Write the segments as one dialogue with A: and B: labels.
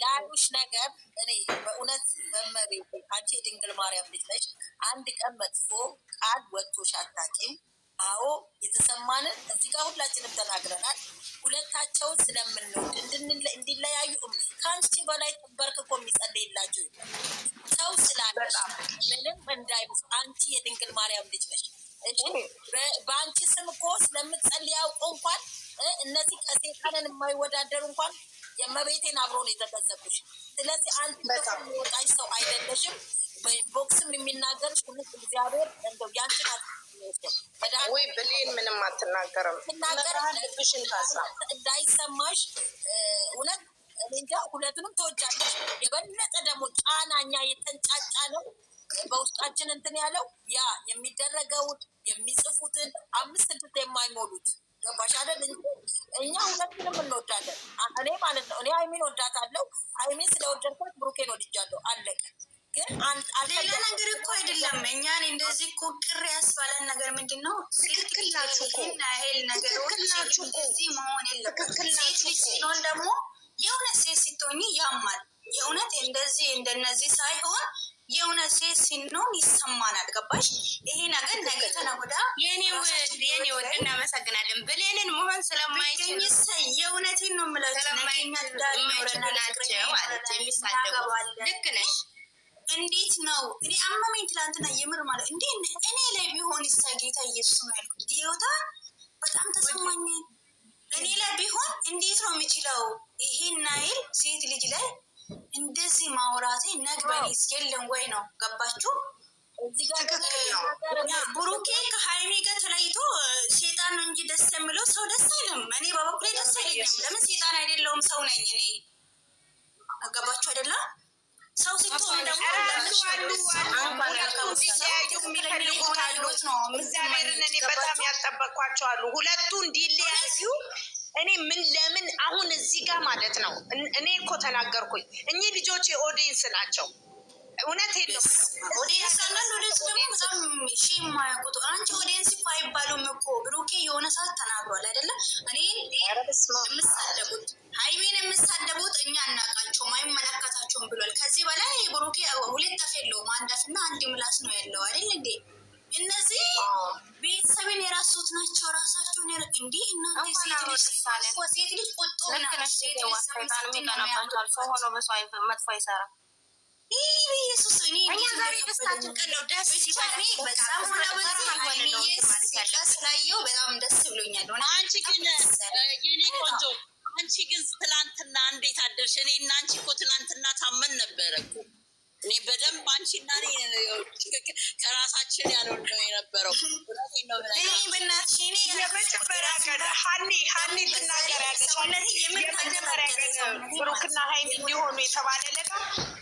A: ለአንዱሽ ነገር እኔ በእውነት መመሪ አንቺ የድንግል ማርያም ልጅ ነች። አንድ ቀን መጥፎ ቃል ወጥቶሽ አታውቂም። አዎ የተሰማንን እዚህ ጋር ሁላችንም ተናግረናል። ሁለታቸውን ስለምንወድ እንዲለያዩ ከአንቺ በላይ በርክ እኮ የሚጸልይላቸው ሰው ስላለ ምንም እንዳይ አንቺ የድንግል ማርያም ልጅ ነች። በአንቺ ስም እኮ ስለምትጸልይ ያውቆ እንኳን እነዚህ ከሴጣንን የማይወዳደሩ እንኳን የመቤቴን አብሮ ነው የተገዘብሽ። ስለዚህ አንድ ወጣሽ ሰው አይደለሽም። በቦክስም የሚናገርሽ ሁለት እግዚአብሔር እንደው ያንችን
B: አ ወይ ብሌን ምንም አትናገርም። ትናገርሽን
A: እንዳይሰማሽ እውነት እንጃ። ሁለቱንም ተወጃለሽ። የበለጠ ደግሞ ጫናኛ የተንጫጫ ነው በውስጣችን እንትን ያለው ያ የሚደረገውን የሚጽፉትን አምስት ስድስት የማይሞሉት ገባሽ አይደል? እኛ ሁለቱንም እንወዳለን። እኔ ማለት ነው እኔ አይሚን ወዳታለሁ። አይሚን ስለወደድኳት ብሩኬን ወድጃለሁ። አለቀ።
C: ሌላ ነገር እኮ አይደለም። እኛን እንደዚህ እኮ ቅር ያስባለን ነገር ምንድን ነው? ትክክል ናችሁ ነገሮች እንደዚህ መሆን የለበት። ሲሆን ደግሞ የእውነት ሴት ስትሆኚ ያማል። የእውነት እንደዚህ እንደነዚህ ሳይሆን የሆነ ሴት ሲኖን ይሰማናል። ገባሽ? ይሄ ነገር ነገ ተነጎዳ
D: የኔ ወድ እናመሰግናለን። ብሌንን መሆን ስለማይችል የእውነቴን ነው የምለው ልክ ነሽ።
C: እንዴት ነው እኔ አመመኝ ትላንትና የምር ማለት እንዴ እኔ ላይ ቢሆን ይሳ ጌታ ኢየሱስ ነው ያልኩት። ይወታ በጣም ተሰማኝ። እኔ ላይ ቢሆን እንዴት ነው የምችለው? ይሄን ናይል ሴት ልጅ ላይ እንደዚህ ማውራቴ ነግበኔስ የለም ወይ ነው። ገባችሁ? ብሩኬ ከሀይሜ ጋር ተለይቶ ሴጣን ነው እንጂ ደስ የሚለው ሰው ደስ አይልም። እኔ በበኩሌ ደስ አይለኝም። ለምን ሴጣን አይደለውም ሰው ነኝ እኔ። ገባችሁ አይደለ? ሰው ስትሆን
A: ደግሞ የሚለኝ ነው። በጣም ያልጠበቅኳቸው አሉ ሁለቱ እንዲለያዩ እኔ ምን ለምን አሁን እዚህ ጋር ማለት ነው። እኔ እኮ ተናገርኩኝ። እኚህ ልጆች የኦዲየንስ ናቸው። እውነት የለም
C: ኦዲየንስ የማያውቁት አንቺ ኦዲየንስ እኮ አይባሉም እኮ ብሩኬ የሆነ ሰዓት ተናግሯል አይደለም እኔ የምሳለጉት ናቸው ራሳቸውን ያለ እንዲህ እናንተ
A: ሴት ልጅ
C: ሴት ልጅ ቁጡ
B: መጥፎ አይሰራም
C: ኢየሱስ እኔ
A: ዛሬ ደስታችን ቀን ነው። ደስ ሲባል በጣም
D: እንዴት አደርሽ? እኔ እና አንቺ እኮ ትናንትና ታመን ነበረ እኮ እኔ በደንብ አንቺና ከራሳችን ያለው ነው የነበረው።
A: ብሩክና ሀይሚ እንዲሆኑ የተባለ ለጋ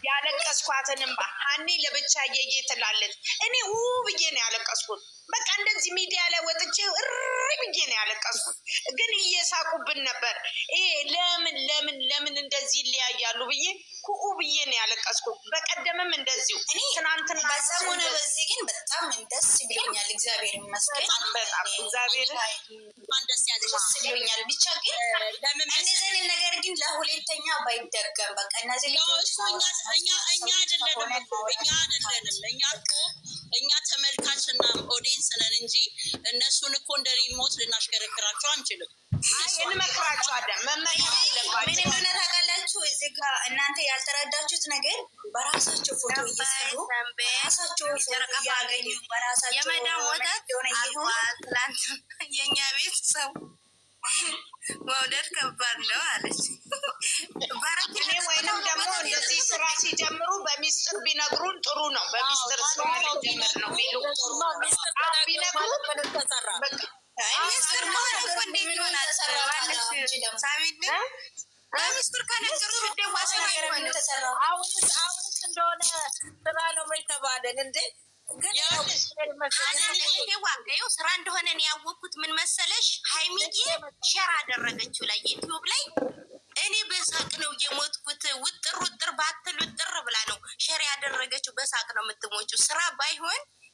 A: ያለቀስኳትን እምባ ሀኒ ለብቻ እየየ ትላለች። እኔ ው ብዬ ነው ያለቀስኩት። በቃ እንደዚህ ሚዲያ ላይ ወጥቼ እሪ ብዬ ነው ያለቀስኩት። ግን እየሳቁብን ነበር። ይሄ ለምን ለምን ለምን እንደዚህ ይለያያሉ ብዬ ኩኡ ብዬ ነው ያለቀስኩ። በቀደምም እንደዚሁ እኔ ትናንትና
C: በሰሞኑ በዚህ ግን በጣም ደስ ብሎኛል። እግዚአብሔር ይመስገን።
B: በጣም እግዚአብሔር
A: ደስ ያለሽ ብሎኛል። ብቻ ግን
C: እነዚህን ነገር ግን ለሁለተኛ ባይደገም በቃ እነዚህ
D: እኛ እኛ አይደለንም እኛ አይደለንም እኛ እኛ ተመልካች እና ኦዲየንስ ነን እንጂ እነሱን እኮ እንደ ሪሞት ልናሽከረክራቸው አንችልም።
A: እንመክራቸዋለን መመሪያ
C: አለባቸው ምን የሚሉት ነገር በራሳቸው ፎቶ እየሰሩ በራሳቸው ፎቶ እያገኙ በራሳቸው
D: የሆነ የእኛ ቤት ሰው መውደድ ከባድ ነው አለች።
A: እኔ ወይንም ደግሞ እንደዚህ ስራ ሲጀምሩ በሚስጥር ቢነግሩን ጥሩ ነው። በሚስጥር ስራ ሊጀምር ነው ቢሉ ቢነግሩን
D: ሚስጥር ማለት እንዴት ይሆናል? ሳሚድ
A: በምስጢር ከነገሩሽ እንደሆነ ስራ ነው የተባለን እንዴ?
C: ዋጋው ስራ እንደሆነ ነው ያወቅኩት። ምን መሰለሽ ሀይሚዬ ሸር አደረገችው ላይ ዩቲዩብ ላይ እኔ በሳቅ ነው የሞትኩት። ውጥር ውጥር ባትል ውጥር ብላ ነው ሸር ያደረገችው። በሳቅ ነው የምትሞችው ስራ ባይሆን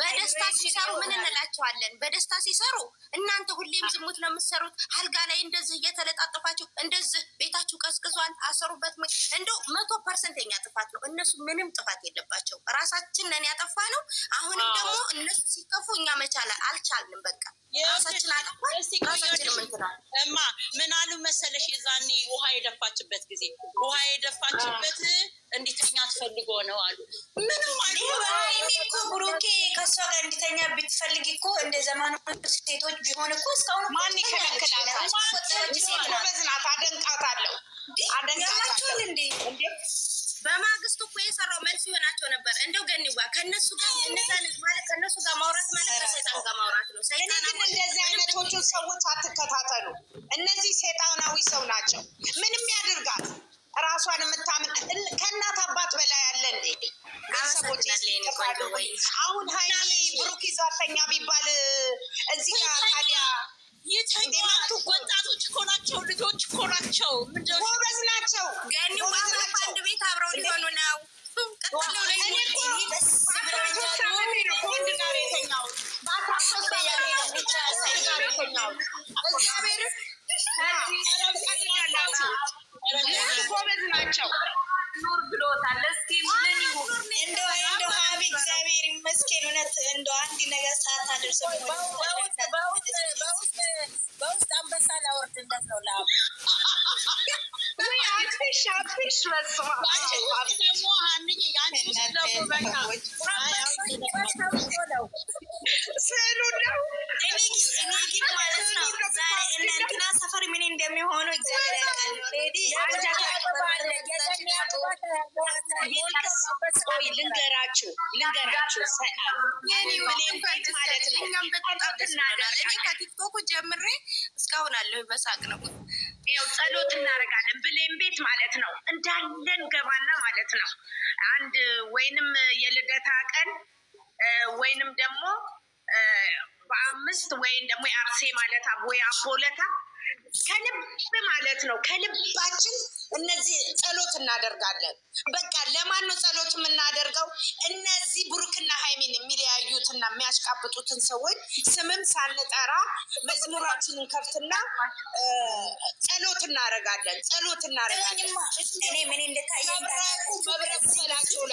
A: በደስታ ሲሰሩ ምን እንላቸዋለን? በደስታ ሲሰሩ እናንተ ሁሌም ዝሙት ነው የምትሰሩት። አልጋ ላይ እንደዚህ እየተለጣጠፋችሁ እንደዚህ ቤታችሁ ቀዝቅዟል፣ አሰሩበት። እንደው መቶ ፐርሰንተኛ ጥፋት ነው። እነሱ ምንም ጥፋት የለባቸው ራሳችን ነን ያጠፋ ነው። አሁንም ደግሞ እነሱ ሲከፉ እኛ መቻል አልቻልንም። በቃ ራሳችን አጠፋን።
D: ምንትናል እማ ምን አሉ መሰለሽ የዛኔ ውሃ የደፋችበት ጊዜ ውሃ የደፋችበት እንዲተኛ ትፈልጎ ነው አሉ።
A: ምንም
C: ሀይሚ እኮ ብሩኬ ከእሷ ጋር እንዲተኛ ብትፈልግ እኮ እንደ ዘመኑ ሴቶች ቢሆን እኮ እስካሁን
A: ማን ይከለክላልበዝናት አደንቃታለሁ። አደንቃታለሁ። እንዴ በማግስቱ እኮ የሰራው መልስ ይሆናቸው ነበር። እንደው ገኒዋ ከነሱ ጋር ነዛነት ማለት ከነሱ ጋር ማውራት ማለት ከሰይጣን ጋር ማውራት ነው። ሰይጣን ግን እንደዚህ አይነቶቹን ሰዎች አትከታተሉ። እነዚህ ሴጣናዊ ሰው ናቸው። ምንም ያደርጋል አሁን ሀይሚ ብሩክ ይዟተኛ ቢባል እዚህ ጋር ታዲያ ወጣቶች እኮ ናቸው፣ ልጆች እኮ ናቸው ምንድን ነው እንትና
C: ሰፈር ምን እንደሚሆነው። እግዚአብሔር
A: ልንገራችሁ ልንገራችሁ ማለት ነው። ከቲክቶክ ጀምሬ እስካሁን አለሁ በሳቅ ነው። ያው ጸሎት እናደርጋለን ብሌን ቤት ማለት ነው እንዳለን ገባና ማለት ነው። አንድ ወይንም የልደታ ቀን ወይንም ደግሞ በአምስት ወይም ደግሞ የአርሴ ማለት ወይ አቦለታ ከልብ ማለት ነው ከልባችን እነዚህ ጸሎት እናደርጋለን። በቃ ለማን ነው ጸሎት የምናደርገው? እነዚህ ብሩክና ሀይሚን የሚለያዩትና የሚያሽቃብጡትን ሰዎች ስምም ሳንጠራ መዝሙራችንን ከፍትና ጸሎት እናደርጋለን። ጸሎት እናደርጋለን።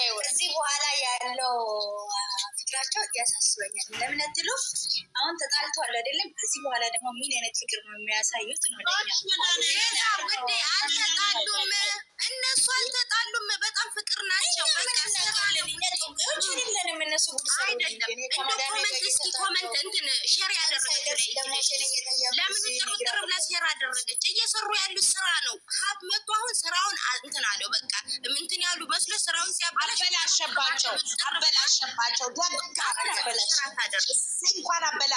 A: ላይ
C: እዚህ በኋላ ያለው ፍቅራቸው ያሳስበኛል። ለምን ትሉ አሁን ተጣልተዋል አይደለም? እዚህ በኋላ ደግሞ ምን አይነት ፍቅር ነው የሚያሳይ
A: ህይወት
D: ነው። አልተጣሉም፣ እነሱ አልተጣሉም። በጣም ፍቅር ናቸው። ኮመንት እንትን ሼር ያደረገች ለምን ጥርጥር ብላ ሼር አደረገች። እየሰሩ ያሉት ስራ ነው። ሀብ መጡ። አሁን ስራውን እንትን አለው። በቃ ምንትን ያሉ መስሎ ስራውን
A: ሲያበላሸባቸው አበላሸባቸው። ደግ ታደርግ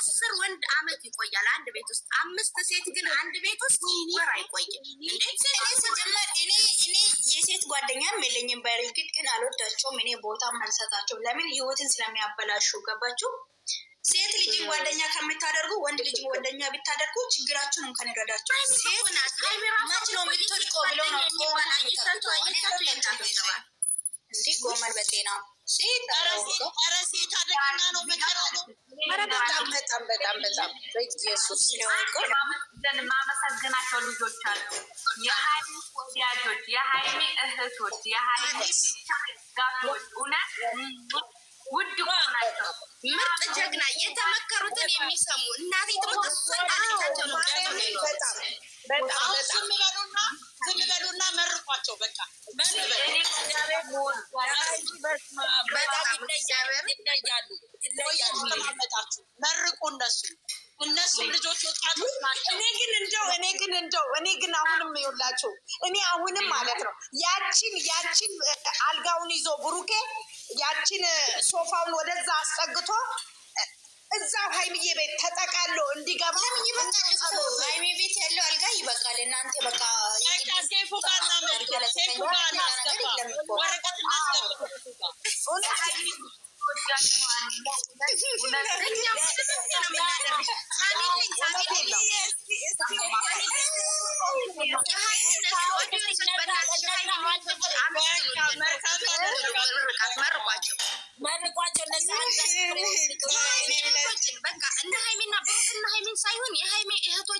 D: አስር ወንድ አመት ይቆያል አንድ ቤት ውስጥ። አምስት ሴት ግን አንድ ቤት ውስጥ ወር አይቆይም።
C: ስጀመር እኔ እኔ የሴት ጓደኛም የለኝም። በእርግጥ ግን አልወዳቸውም። እኔ ቦታ አልሰጣቸው። ለምን ህይወትን ስለሚያበላሹ ገባችሁ? ሴት ልጅ ጓደኛ ከምታደርጉ ወንድ ልጅ ጓደኛ ብታደርጉ ችግራችሁን እንኳን ይረዳቸው። ሴት ናት መች ነው የምትወድቀው ብለው ነው እንዲህ ጎመን በጤና
D: ማመሰግናቸው ልጆች አሉ። የሀይሚ ወዳጆች፣ የሀይሚ እህቶች፣ የሀይሚ ጋቶች እውነት ውድ ናቸው። ምርጥ ጀግና የተመከሩትን የሚሰሙ እናቴ ትሞት
A: መርቁ እነሱ እነሱ ልጆች ወጣቶች ናቸው። እኔ ግን እንደው እኔ ግን እንደው እኔ ግን አሁንም ይኸውላችሁ እኔ አሁንም ማለት ነው ያችን ያችን አልጋውን ይዞ ብሩኬ ያችን ሶፋውን ወደዛ አስጠግቶ እዛው ሀይሚዬ ቤት ተጠቃሎ እንዲገባ
C: ሀይሚ ቤት ያለው አልጋ ይበቃል። እናንተ በቃ
D: ሴፉ ጋር እናመልክ፣ ሴፉ ጋር እናስገባ፣ ወረቀት እናስገባ።
A: መርቋቸው እነዚህ በቃ እነ ሀይሜና እና ሀይሜን ሳይሆን የሀይሜ እህቶች